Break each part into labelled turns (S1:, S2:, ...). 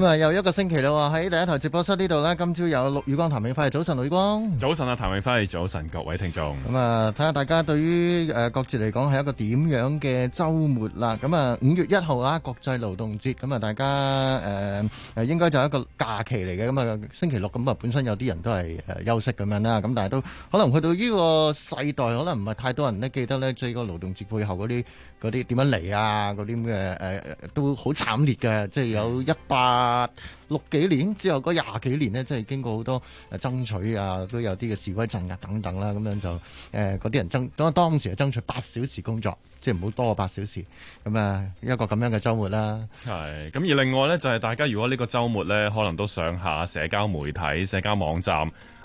S1: 咁啊，又一個星期啦喎！喺第一台直播室呢度咧，今朝有陸宇光，譚永輝，早晨，陸宇光，
S2: 早晨啊，譚永輝，早晨，各位聽眾。
S1: 咁啊，睇下大家對於誒國節嚟講係一個點樣嘅週末啦。咁啊，五月一號啊，國際勞動節，咁啊，大家誒誒、呃、應該就係一個假期嚟嘅。咁啊，星期六咁啊，本身有啲人都係誒休息咁樣啦。咁但係都可能去到呢個世代，可能唔係太多人咧記得咧，即係個勞動節背後嗰啲嗰啲點樣嚟啊？嗰啲咁嘅都好慘烈嘅，即係有一百。啊，六幾年之後嗰廿幾年咧，即係經過好多誒爭取啊，都有啲嘅示威鎮壓等等啦，咁樣就誒嗰啲人爭，咁啊當時係爭取八小時工作，即係唔好多過八小時，咁啊一個咁樣嘅周末啦。
S2: 係，咁而另外咧就係大家如果呢個周末咧，可能都上下社交媒體、社交網站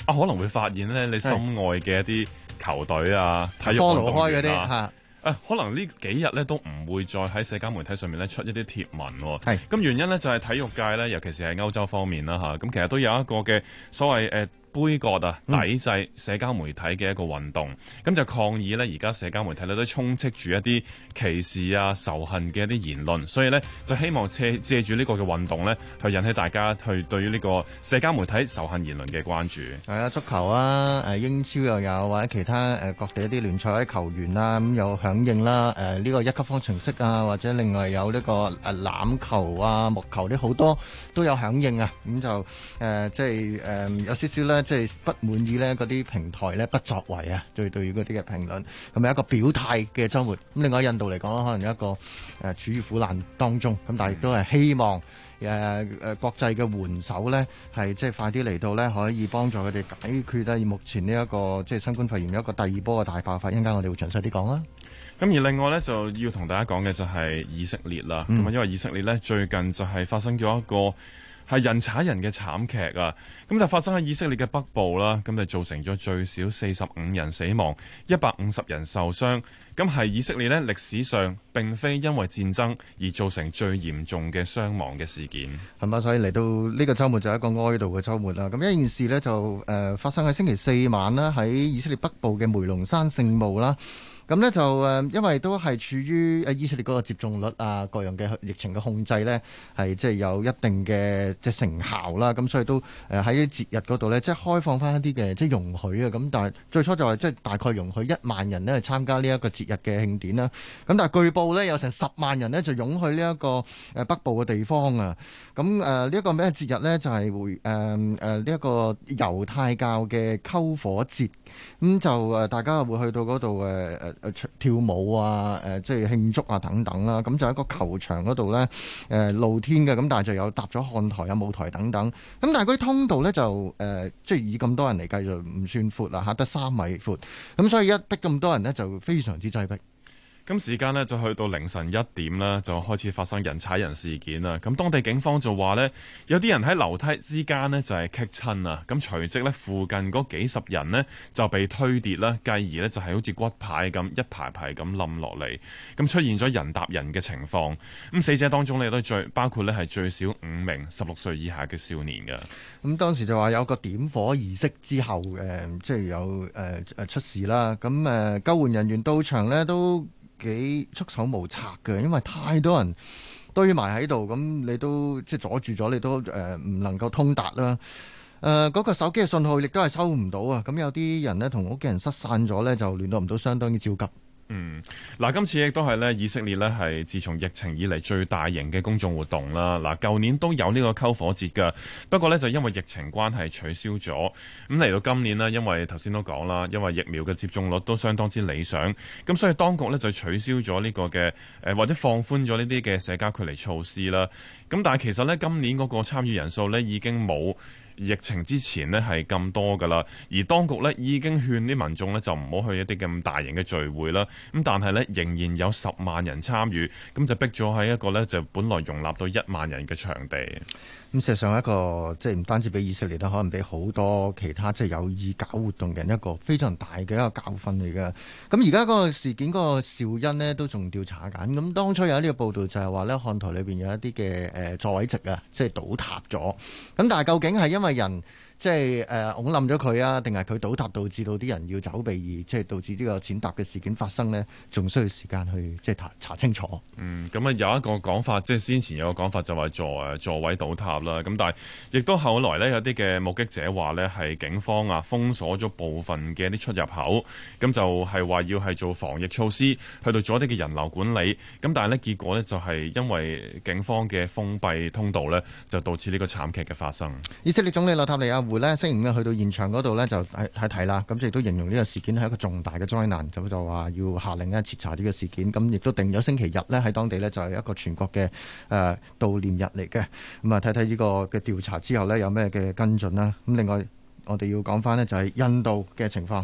S2: 啊，可能會發現咧你心愛嘅一啲球隊啊、體育運動員啦、啊。可能呢幾日咧都唔會再喺社交媒體上面咧出一啲貼文喎。係，咁原因咧就係體育界咧，尤其是喺歐洲方面啦嚇，咁其實都有一個嘅所謂誒。呃杯葛啊，抵制社交媒體嘅一個運動，咁、嗯、就抗議咧。而家社交媒體咧都充斥住一啲歧視啊、仇恨嘅一啲言論，所以咧就希望借借住呢個嘅運動咧，去引起大家去對於呢個社交媒體仇恨言論嘅關注。
S1: 係啊，足球啊，誒、啊、英超又有，或者其他誒、呃、各地一啲聯賽嘅球員啊，咁有響應啦、啊。誒、呃、呢、呢個一級方程式啊，或者另外有呢、呢個誒欖、啊、球啊、木球啲好多都有響應啊。咁就誒即係誒有少少咧。即、就、係、是、不滿意咧，嗰啲平台咧不作為啊，對對於嗰啲嘅評論，咁有一個表態嘅生活。咁另外印度嚟講，可能有一個誒處於苦難當中，咁但係亦都係希望誒誒國際嘅援手咧，係即係快啲嚟到咧，可以幫助佢哋解決咧目前呢一個即係新冠肺炎一個第二波嘅大爆發。一陣間我哋會詳細啲講啦。
S2: 咁而另外咧就要同大家講嘅就係以色列啦，咁、嗯、啊因為以色列咧最近就係發生咗一個係人踩人嘅慘劇啊！咁就發生喺以色列嘅北部啦，咁就造成咗最少四十五人死亡，一百五十人受傷。咁係以色列呢，歷史上，並非因為戰爭而造成最嚴重嘅傷亡嘅
S1: 事件。係啊，所以嚟到呢個周末就係一個哀悼嘅周末啦。咁一件事呢，就誒發生喺星期四晚啦，喺以色列北部嘅梅隆山聖墓啦。咁呢就誒，因為都係處於誒以色列嗰個接種率啊，各樣嘅疫情嘅控制呢，係即係有一定嘅即係成效啦。咁所以都誒喺啲節日嗰度呢，即係開放翻一啲嘅，即係容許啊。咁但係最初就係即係大概容許一萬人咧參加呢一個節日嘅慶典啦。咁但係據報呢，有成十萬人呢就湧去呢一個誒北部嘅地方啊。咁誒呢一個咩節日呢？就係會誒誒呢一個猶太教嘅篝火節。咁就誒大家會去到嗰度誒跳舞啊，誒、呃、即係慶祝啊等等啦，咁、嗯、就喺個球場嗰度咧，露天嘅，咁但係就有搭咗看台啊、有舞台等等，咁、嗯、但係啲通道咧就、呃、即係以咁多人嚟計就唔算闊啦、啊，下得三米闊，咁、嗯、所以一逼咁多人呢，就非常之擠迫。
S2: 咁時間呢，就去到凌晨一點啦，就開始發生人踩人事件啦。咁當地警方就話呢，有啲人喺樓梯之間呢，就係跣親啊。咁隨即呢，附近嗰幾十人呢，就被推跌啦，繼而呢，就係、是、好似骨牌咁一,一排排咁冧落嚟。咁出現咗人踏人嘅情況。咁死者當中呢，都最包括呢係最少五名十六歲以下嘅少年嘅。
S1: 咁當時就話有個點火儀式之後，即、呃、係、就是、有、呃、出事啦。咁誒、呃、救援人員到場呢，都，幾束手無策嘅，因為太多人堆埋喺度，咁你都即係阻住咗，你都誒唔、呃、能夠通達啦。誒、呃，嗰、嗰個手機嘅信號亦都係收唔到啊！咁有啲人呢，同屋企人失散咗呢，就聯絡唔到，相當之焦急。
S2: 嗯，嗱，今次亦都係咧，以色列呢係自從疫情以嚟，最大型嘅公眾活動啦。嗱，舊年都有呢個篝火節㗎，不過呢就因為疫情關係取消咗。咁嚟到今年呢，因為頭先都講啦，因為疫苗嘅接種率都相當之理想，咁所以當局呢就取消咗呢、這個嘅誒，或者放寬咗呢啲嘅社交距離措施啦。咁但係其實呢，今年嗰個參與人數呢已經冇。疫情之前呢係咁多㗎喇，而當局呢已經勸啲民眾呢就唔好去一啲咁大型嘅聚會啦。咁但係呢仍然有十萬人參與，咁就逼咗喺一個呢就本來容納到一萬人嘅場地。
S1: 咁事實上一個即係唔單止俾以色列啦，可能俾好多其他即係有意搞活動嘅人一個非常大嘅一個教訓嚟嘅。咁而家個事件，嗰個肇因呢都仲調查緊。咁當初有呢個報道就係話呢，看台裏邊有一啲嘅誒座位席啊，即係倒塌咗。咁但係究竟係因為人？即係誒，我冧咗佢啊，定係佢倒塌導致到啲人要走避，而即係導致呢個踐踏嘅事件發生呢？仲需要時間去即係查清楚。嗯，
S2: 咁啊有一個講法，即係先前有個講法就話座座位倒塌啦。咁但係亦都後來呢，有啲嘅目擊者話呢係警方啊封鎖咗部分嘅一啲出入口，咁就係、是、話要係做防疫措施，去到咗啲嘅人流管理。咁但係呢，結果呢就係因為警方嘅封閉通道呢，就導致呢個慘劇嘅發生。
S1: 以色列總理內塔尼亞胡。會呢星期五呢去到現場嗰度呢，就喺睇啦，咁亦都形容呢個事件係一個重大嘅災難，咁就話要下令呢徹查呢個事件，咁亦都定咗星期日呢，喺當地呢就係一個全國嘅誒、呃、悼念日嚟嘅。咁啊睇睇呢個嘅調查之後呢，有咩嘅跟進啦，咁另外我哋要講翻呢，就係印度嘅情
S2: 況。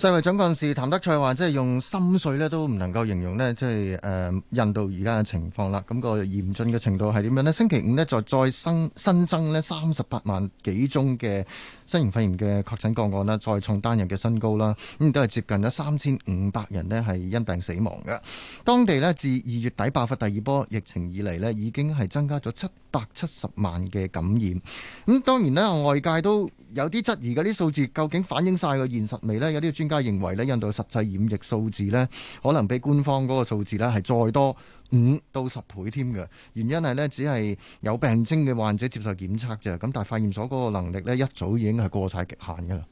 S1: 世衛總幹事譚德塞話，即係用心碎咧，都唔能夠形容呢，即係誒、呃、印度而家嘅情況啦。咁、那個嚴峻嘅程度係點樣呢？星期五呢，就再生新增呢三十八萬幾宗嘅新型肺炎嘅確診個案啦，再創單日嘅新高啦。咁、嗯、都係接近咗三千五百人呢，係因病死亡嘅。當地呢，自二月底爆發第二波疫情以嚟呢，已經係增加咗七百七十萬嘅感染。咁、嗯、當然咧，外界都。有啲質疑，嗰啲數字究竟反映曬個現實未呢？有啲專家認為呢，印度實際染疫數字呢，可能比官方嗰個數字呢係再多五到十倍添嘅。原因係呢，只係有病徵嘅患者接受檢測啫。咁但係化驗所嗰個能力呢，一早已經係過曬極限㗎喇。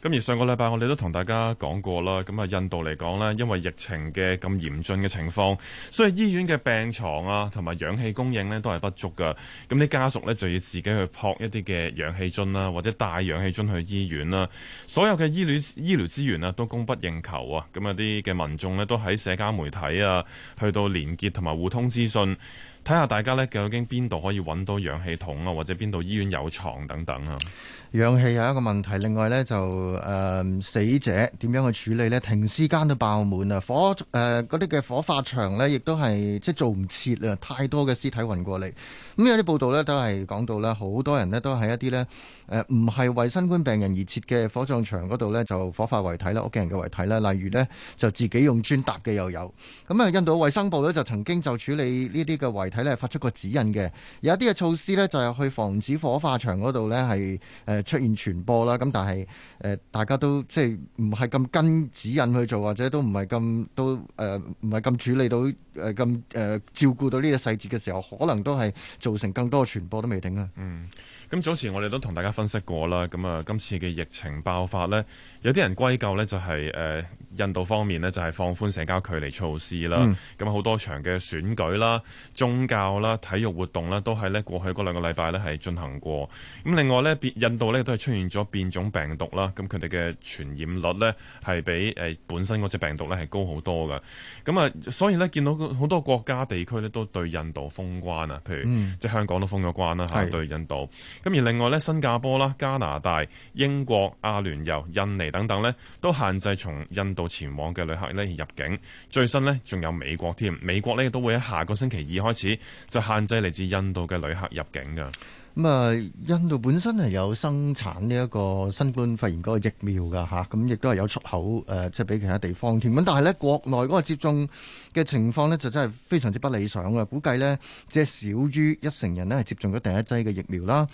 S2: 咁而上個禮拜我哋都同大家講過啦，咁啊印度嚟講呢，因為疫情嘅咁嚴峻嘅情況，所以醫院嘅病床啊，同埋氧氣供應呢都係不足噶。咁啲家屬呢就要自己去撲一啲嘅氧氣樽啦，或者帶氧氣樽去醫院啦。所有嘅醫療醫療資源啊都供不應求啊。咁啊啲嘅民眾呢都喺社交媒體啊，去到連結同埋互通資訊，睇下大家呢究竟邊度可以揾到氧氣筒啊，或者邊度醫院有床等等啊。
S1: 氧氣有一個問題，另外呢就誒、呃，死者點樣去處理呢？停屍間都爆滿啦，火，誒、嗰啲嘅火化場呢，亦都係即係做唔切啦，太多嘅屍體運過嚟。咁、嗯、有啲報道呢，都係講到呢，好多人呢，都喺一啲呢，誒、呃，唔係為新冠病人而設嘅火葬場嗰度呢，就火化遺體啦，屋企人嘅遺體啦。例如呢，就自己用磚搭嘅又有。咁、嗯、啊，印度衛生部呢，就曾經就處理呢啲嘅遺體呢，發出過指引嘅，有一啲嘅措施呢，就係、是、去防止火化場嗰度呢，係誒、呃、出現傳播啦。咁但係誒。呃大家都即係唔係咁跟指引去做，或者都唔係咁都呃，唔係咁處理到。誒、嗯、咁、嗯、誒照顧到呢個細節嘅時候，可能都係造成更多傳播都未定啊。嗯，
S2: 咁早前我哋都同大家分析過啦。咁啊，今次嘅疫情爆發呢，有啲人歸咎呢就係、是、誒、嗯、印度方面呢，就係放寬社交距離措施啦。咁好多場嘅選舉啦、宗教啦、體育活動啦，都係呢過去嗰兩個禮拜呢係進行過。咁另外呢，變印度呢都係出現咗變種病毒啦。咁佢哋嘅傳染率呢，係比誒本身嗰隻病毒呢係高好多噶。咁啊，所以呢，見到好多國家地區咧都對印度封關啊，譬如即係香港都封咗關啦、嗯，對印度。咁而另外咧，新加坡啦、加拿大、英國、阿聯酋、印尼等等咧，都限制從印度前往嘅旅客咧入境。最新咧仲有美國添，美國咧都會喺下個星期二開始就限制嚟自印度嘅旅客入境㗎。
S1: 咁啊，印度本身係有生產呢一個新冠肺炎嗰個疫苗㗎吓，咁亦都係有出口誒，即係俾其他地方添。咁但係呢國內嗰個接種嘅情況呢，就真係非常之不理想啊！估計呢，只係少於一成人呢係接種咗第一劑嘅疫苗啦。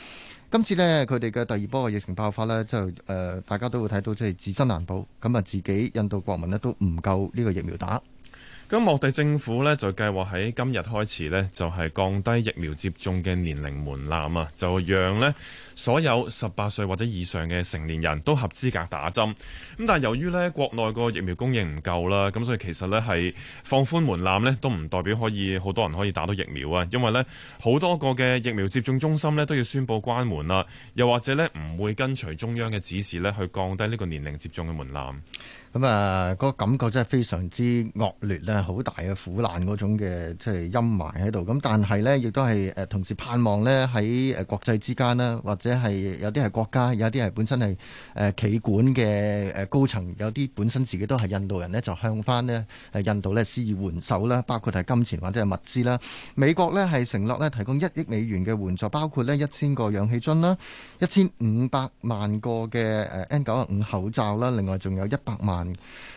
S1: 今次呢，佢哋嘅第二波嘅疫情爆發呢，就誒大家都會睇到即係自身難保，咁啊自己印度國民呢都唔夠呢個疫苗打。
S2: 咁莫迪政府呢，就計劃喺今日開始呢，就係降低疫苗接種嘅年齡門檻啊，就讓呢所有十八歲或者以上嘅成年人都合資格打針。咁但由於呢國內個疫苗供應唔夠啦，咁所以其實呢係放寬門檻呢，都唔代表可以好多人可以打到疫苗啊，因為呢好多個嘅疫苗接種中心呢都要宣布關門啦，又或者呢唔會跟隨中央嘅指示呢去降低呢個年齡接種嘅門檻。
S1: 咁啊，嗰個感覺真係非常之惡劣咧，好大嘅苦難嗰種嘅即係陰霾喺度。咁但係咧，亦都係誒同時盼望咧喺誒國際之間啦，或者係有啲係國家，有啲係本身係誒企管嘅誒高層，有啲本身自己都係印度人咧，就向翻咧誒印度咧施以援手啦。包括係金錢或者係物資啦。美國咧係承諾咧提供一億美元嘅援助，包括咧一千個氧氣樽啦，一千五百萬個嘅誒 N 九啊五口罩啦，另外仲有一百萬。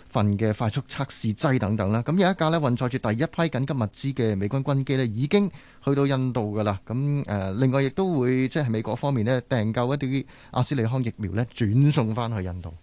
S1: 份嘅快速測試劑等等啦，咁有一架呢，運載住第一批緊急物資嘅美軍軍機呢，已經去到印度噶啦。咁誒、呃，另外亦都會即係美國方面呢，訂購一啲阿斯利康疫苗呢，轉送翻去印度。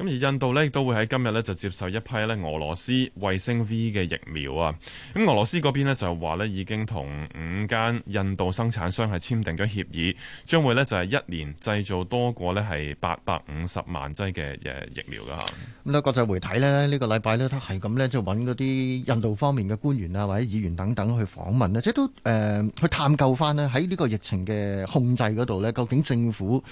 S2: 咁而印度咧亦都會喺今日咧就接受一批咧俄羅斯衛星 V 嘅疫苗啊。咁俄羅斯嗰邊咧就話咧已經同五間印度生產商係簽訂咗協議，將會咧就係一年製造多過咧係八百五十萬劑嘅誒疫苗噶吓。
S1: 咁咧國際媒體咧呢個禮拜咧都係咁咧，就揾嗰啲印度方面嘅官員啊或者議員等等去訪問咧，即都誒、呃、去探究翻咧喺呢個疫情嘅控制嗰度咧，究竟政府誒、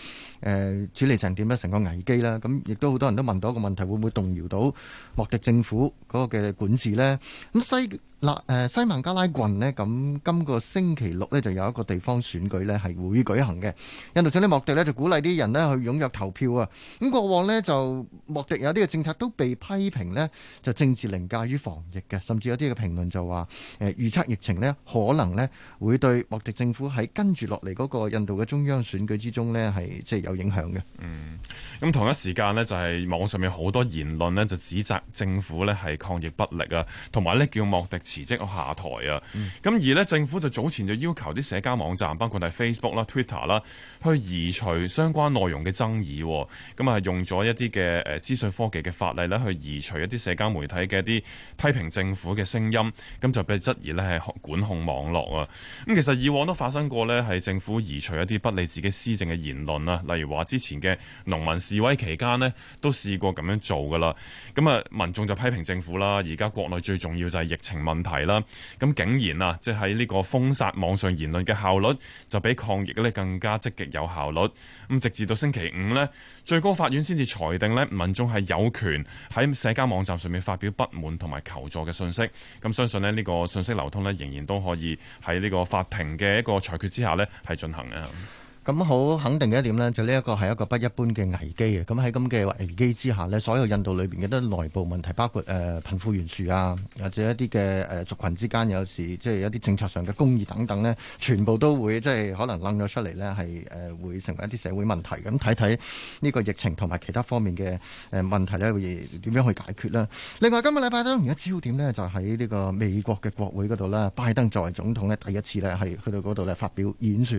S1: 呃、處理成點咧？成個危機啦，咁亦都好多人。都問到一個問題，會唔會動搖到莫迪政府嗰個嘅管治咧？咁西。嗱，誒西孟加拉郡呢，咁今個星期六呢，就有一個地方選舉呢，係會舉行嘅。印度總理莫迪呢，就鼓勵啲人呢去踴躍投票啊！咁過往呢，就莫迪有啲嘅政策都被批評呢，就政治凌駕於防疫嘅，甚至有啲嘅評論就話誒、呃、預測疫情呢，可能呢會對莫迪政府喺跟住落嚟嗰個印度嘅中央選舉之中呢，係即係有影響嘅。嗯，
S2: 咁同一時間呢，就係網上面好多言論呢，就指責政府呢係抗疫不力啊，同埋呢叫莫迪辭職下台啊！咁而呢政府就早前就要求啲社交網站，包括係 Facebook 啦、Twitter 啦，去移除相關內容嘅爭議。咁啊，用咗一啲嘅誒資訊科技嘅法例咧，去移除一啲社交媒體嘅一啲批評政府嘅聲音。咁就被質疑呢係管控網絡啊！咁其實以往都發生過呢，係政府移除一啲不利自己施政嘅言論啦，例如話之前嘅農民示威期間呢，都試過咁樣做噶啦。咁啊，民眾就批評政府啦。而家國內最重要就係疫情問題。題啦，咁竟然啊，即係呢個封殺網上言論嘅效率，就比抗疫呢更加積極有效率。咁直至到星期五呢，最高法院先至裁定呢，民眾係有權喺社交網站上面發表不滿同埋求助嘅信息。咁相信呢，呢個信息流通呢，仍然都可以喺呢個法庭嘅一個裁決之下呢，係進行嘅。
S1: 咁好肯定嘅一點呢，就呢、是、一個係一個不一般嘅危機。咁喺咁嘅危機之下呢，所有印度裏面嘅一啲內部問題，包括誒貧、呃、富懸殊啊，或者一啲嘅誒族群之間，有時即係一啲政策上嘅公義等等呢，全部都會即係可能掹咗出嚟呢，係、呃、會成為一啲社會問題。咁睇睇呢個疫情同埋其他方面嘅誒問題呢，會點樣去解決啦、啊？另外，今日禮拜三，而家焦點呢就喺、是、呢個美國嘅國會嗰度啦。拜登作為總統呢，第一次呢，係去到嗰度呢發表演說。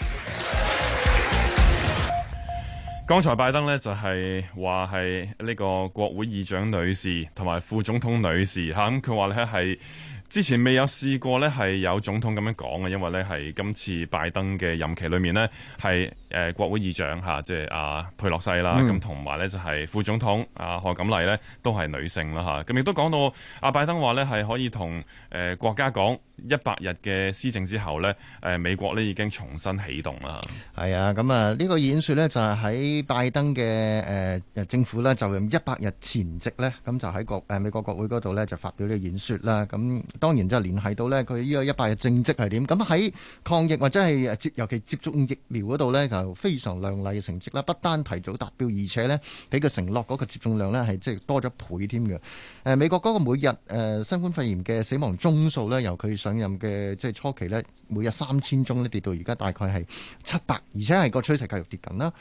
S2: 剛才拜登呢就係話係呢個國會議長女士同埋副總統女士吓，咁佢話咧係。之前未有試過呢，係有總統咁樣講嘅，因為呢係今次拜登嘅任期裏面呢，係誒國會議長嚇，即係阿佩洛西啦，咁同埋呢就係副總統阿賀錦麗呢，都係女性啦嚇，咁亦都講到阿拜登話呢係可以同誒國家講一百日嘅施政之後呢，誒美國呢已經重新起動啦。
S1: 係啊，咁啊呢個演説呢，就係喺拜登嘅誒、呃、政府呢，就用一百日前夕呢，咁就喺國誒美國國會嗰度呢，就發表呢個演説啦，咁。當然就係聯繫到呢，佢呢個一百日政績係點？咁喺抗疫或者係接尤其接種疫苗嗰度呢，就非常靚麗嘅成績啦！不單提早達標，而且呢，俾佢承諾嗰個接種量呢，係即係多咗一倍添嘅。美國嗰個每日誒新冠肺炎嘅死亡宗數呢，由佢上任嘅即係初期呢，每日三千宗呢，跌到而家大概係七百，而且係個趨勢繼續跌緊啦。.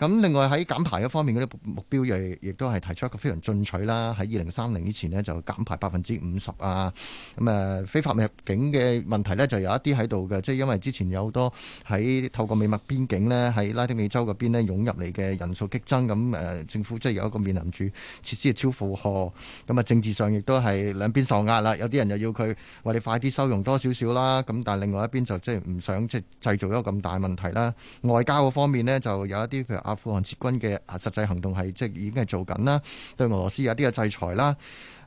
S1: 咁另外喺減排嗰方面嗰啲目標亦亦都係提出一個非常進取啦，喺二零三零以前咧就減排百分之五十啊，咁誒、呃、非法入境嘅問題咧就有一啲喺度嘅，即、就、係、是、因為之前有好多喺透過美墨邊境咧喺拉丁美洲嗰邊咧湧入嚟嘅人數激增，咁誒、呃、政府即係有一個面臨住設施超負荷，咁啊政治上亦都係兩邊受壓啦，有啲人又要佢話你快啲收容多少少啦，咁但係另外一邊就即係唔想即係製造一個咁大問問題啦。外交嗰方面咧就有一啲譬如。阿富汗撤軍嘅啊實際行動係即係已經係做緊啦，對俄羅斯有啲嘅制裁啦。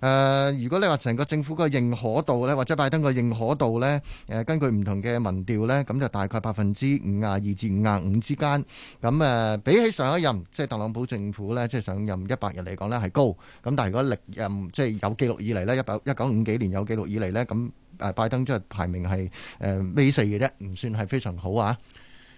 S1: 誒、呃，如果你話成個政府嘅認可度呢，或者拜登嘅認可度呢，誒、呃、根據唔同嘅民調呢，咁就大概百分之五啊二至五啊五之間。咁、呃、誒，比起上一任即係特朗普政府呢，即係上任一百日嚟講呢，係高。咁但係如果歷任即係有記錄以嚟呢，一九一九五幾年有記錄以嚟呢，咁誒拜登即係排名係誒尾四嘅啫，唔算係非常好啊。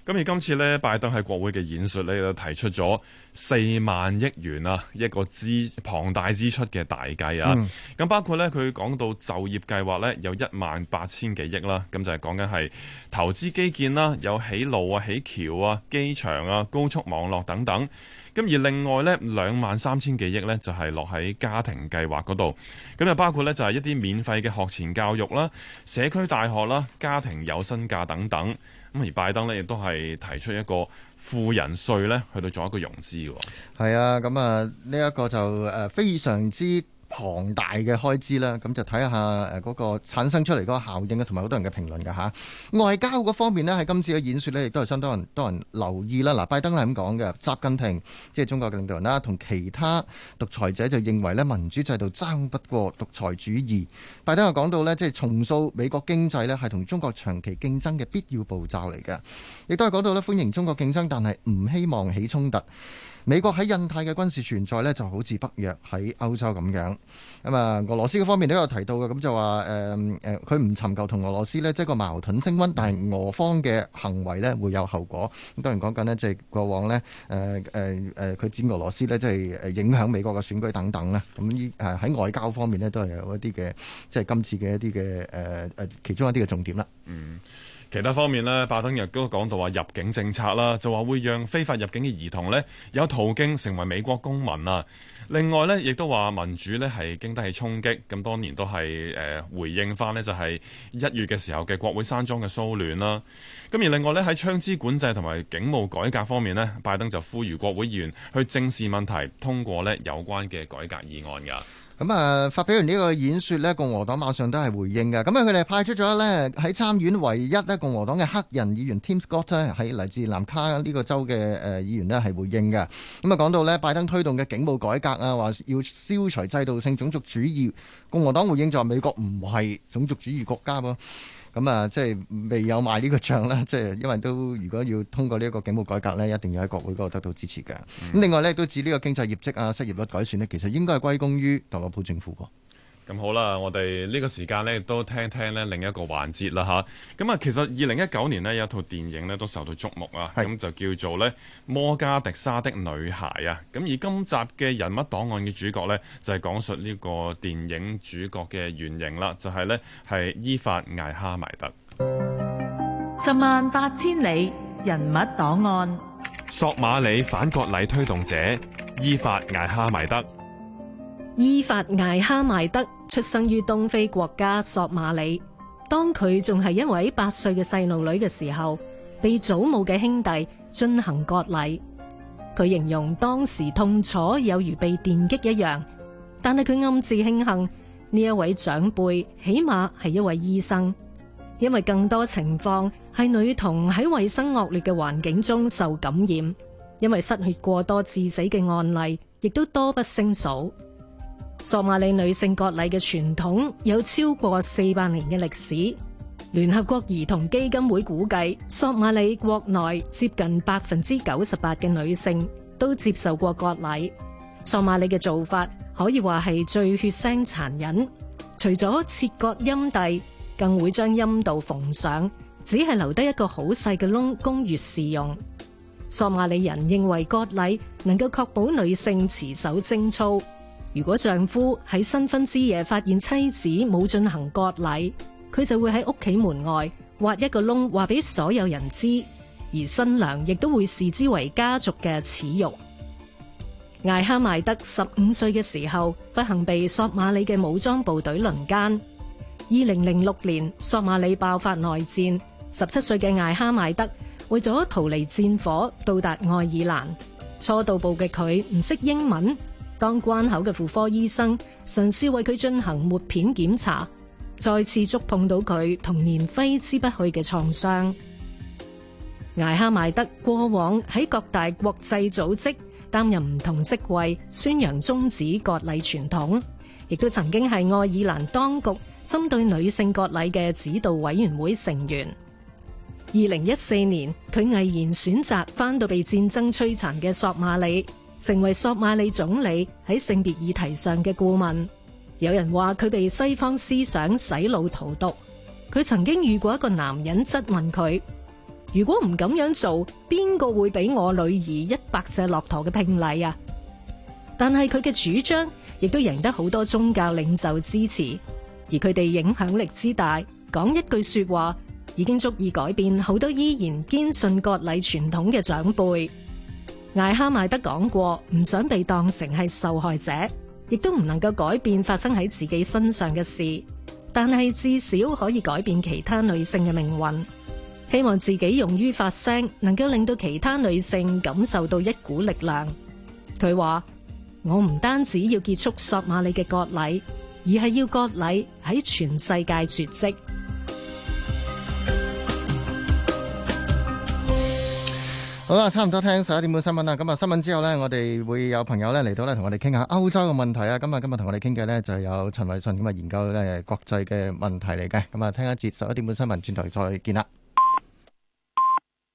S2: 咁而今次咧，拜登喺國會嘅演說咧，提出咗四萬億元啊，一個支龐大支出嘅大計啊。咁包括咧，佢講到就業計劃咧，有一萬八千幾億啦。咁就係講緊係投資基建啦，有起路啊、起橋啊、機場啊、高速網絡等等。咁而另外呢，兩萬三千幾億呢，就係落喺家庭計劃嗰度，咁啊包括呢，就係一啲免費嘅學前教育啦、社區大學啦、家庭有薪假等等。咁而拜登呢，亦都係提出一個富人稅呢，去到做一個融資喎。
S1: 係啊，咁啊呢一個就誒非常之。龐大嘅開支啦，咁就睇下誒嗰個產生出嚟嗰個效應啊，同埋好多人嘅評論㗎吓。外交嗰方面呢，喺今次嘅演説呢，亦都係相當多人留意啦。嗱，拜登係咁講嘅，習近平即係中國嘅領導人啦，同其他獨裁者就認為呢，民主制度爭不過獨裁主義。拜登又講到呢，即係重塑美國經濟呢，係同中國長期競爭嘅必要步驟嚟嘅，亦都係講到呢，歡迎中國競爭，但係唔希望起衝突。美國喺印太嘅軍事存在呢，就好似北約喺歐洲咁樣。咁啊，俄羅斯方面都有提到嘅，咁就話誒佢唔尋求同俄羅斯呢，即係個矛盾升溫，但係俄方嘅行為呢，會有後果。咁當然講緊呢，即係過往呢，誒誒誒，佢、呃、指、呃、俄羅斯呢，即係影響美國嘅選舉等等啦。咁呢喺外交方面呢，都係有一啲嘅，即係今次嘅一啲嘅誒其中一啲嘅重點啦。嗯。
S2: 其他方面呢，拜登亦都講到話入境政策啦，就話會讓非法入境嘅兒童呢，有途徑成為美國公民啊。另外呢，亦都話民主呢係經得起衝擊，咁當年都係誒回應翻呢，就係一月嘅時候嘅國會山莊嘅騷亂啦。咁而另外呢，喺槍支管制同埋警務改革方面呢，拜登就呼籲國會議員去正視問題，通過呢有關嘅改革議案
S1: 噶。咁啊，發表完呢個演說呢，共和黨馬上都係回應嘅。咁啊，佢哋派出咗呢喺參院唯一呢共和黨嘅黑人議員 Tim Scott，喺係嚟自南卡呢個州嘅誒議員呢係回應嘅。咁啊，講到呢拜登推動嘅警務改革啊，話要消除制度性種族主義，共和黨回應就話美國唔係種族主義國家噃。咁、嗯、啊，即係未有賣呢個帳啦，即係因為都如果要通過呢一個警務改革咧，一定要喺國會嗰度得到支持嘅。咁、嗯、另外咧，都指呢個經濟業績啊、失業率改善呢，其實應該係歸功於特朗普政府。
S2: 咁好啦，我哋呢個時間呢都聽聽呢另一個環節啦，吓。咁啊，其實二零一九年呢有一套電影呢都受到矚目啊，咁就叫做呢《摩加迪沙的女孩》啊。咁而今集嘅人物檔案嘅主角呢，就係講述呢個電影主角嘅原型啦，就係呢係伊法艾哈邁德。
S3: 十萬八千里人物檔案，
S2: 索馬里反割禮推動者伊法艾哈邁德。
S3: 伊法艾哈邁德出生於東非國家索馬里。當佢仲係一位八歲嘅細路女嘅時候，被祖母嘅兄弟進行割禮。佢形容當時痛楚有如被電擊一樣，但係佢暗自慶幸呢一位長輩起碼係一位醫生，因為更多情況係女童喺衛生惡劣嘅環境中受感染，因為失血過多致死嘅案例亦都多不勝數。索馬里女性割禮嘅傳統有超過四百年嘅歷史。聯合國兒童基金會估計，索馬里國內接近百分之九十八嘅女性都接受過割禮。索馬里嘅做法可以話係最血腥殘忍，除咗切割陰蒂，更會將陰道縫上，只係留低一個好細嘅窿供月事用。索馬里人認為割禮能夠確保女性持守貞操。如果丈夫喺新婚之夜發現妻子冇進行割禮，佢就會喺屋企門外挖一個窿，話俾所有人知。而新娘亦都會視之為家族嘅恥辱。艾哈邁德十五歲嘅時候，不幸被索馬里嘅武裝部隊輪奸。二零零六年，索馬里爆發內戰，十七歲嘅艾哈邁德為咗逃離戰火，到達愛爾蘭。初到埗嘅佢唔識英文。當關口嘅婦科醫生嘗試為佢進行抹片檢查，再次觸碰到佢童年揮之不去嘅創傷。艾哈邁德過往喺各大國際組織擔任唔同職位，宣揚終止割禮傳統，亦都曾經係愛爾蘭當局針對女性割禮嘅指導委員會成員。二零一四年，佢毅然選擇返到被戰爭摧殘嘅索馬里。成為索馬里總理喺性別議題上嘅顧問，有人話佢被西方思想洗腦荼毒。佢曾經遇過一個男人質問佢：如果唔咁樣做，邊個會俾我女兒一百隻駱駝嘅聘禮啊？但係佢嘅主張亦都贏得好多宗教領袖支持，而佢哋影響力之大，講一句說話已經足以改變好多依然堅信割禮傳統嘅長輩。艾哈邁德講過，唔想被當成係受害者，亦都唔能夠改變發生喺自己身上嘅事，但係至少可以改變其他女性嘅命運。希望自己勇於發聲，能夠令到其他女性感受到一股力量。佢話：我唔單止要結束索馬里嘅割禮，而係要割禮喺全世界絕迹。好啦，差唔多
S1: 聽十一點半新聞啦。咁啊，新聞之後呢，我哋會有朋友呢嚟到呢同我哋傾下歐洲嘅問題啊。咁啊，今日同我哋傾嘅呢就有陳偉信，咁啊，研究呢國際嘅問題嚟嘅。咁啊，聽一節十一點半新聞，轉頭再見啦。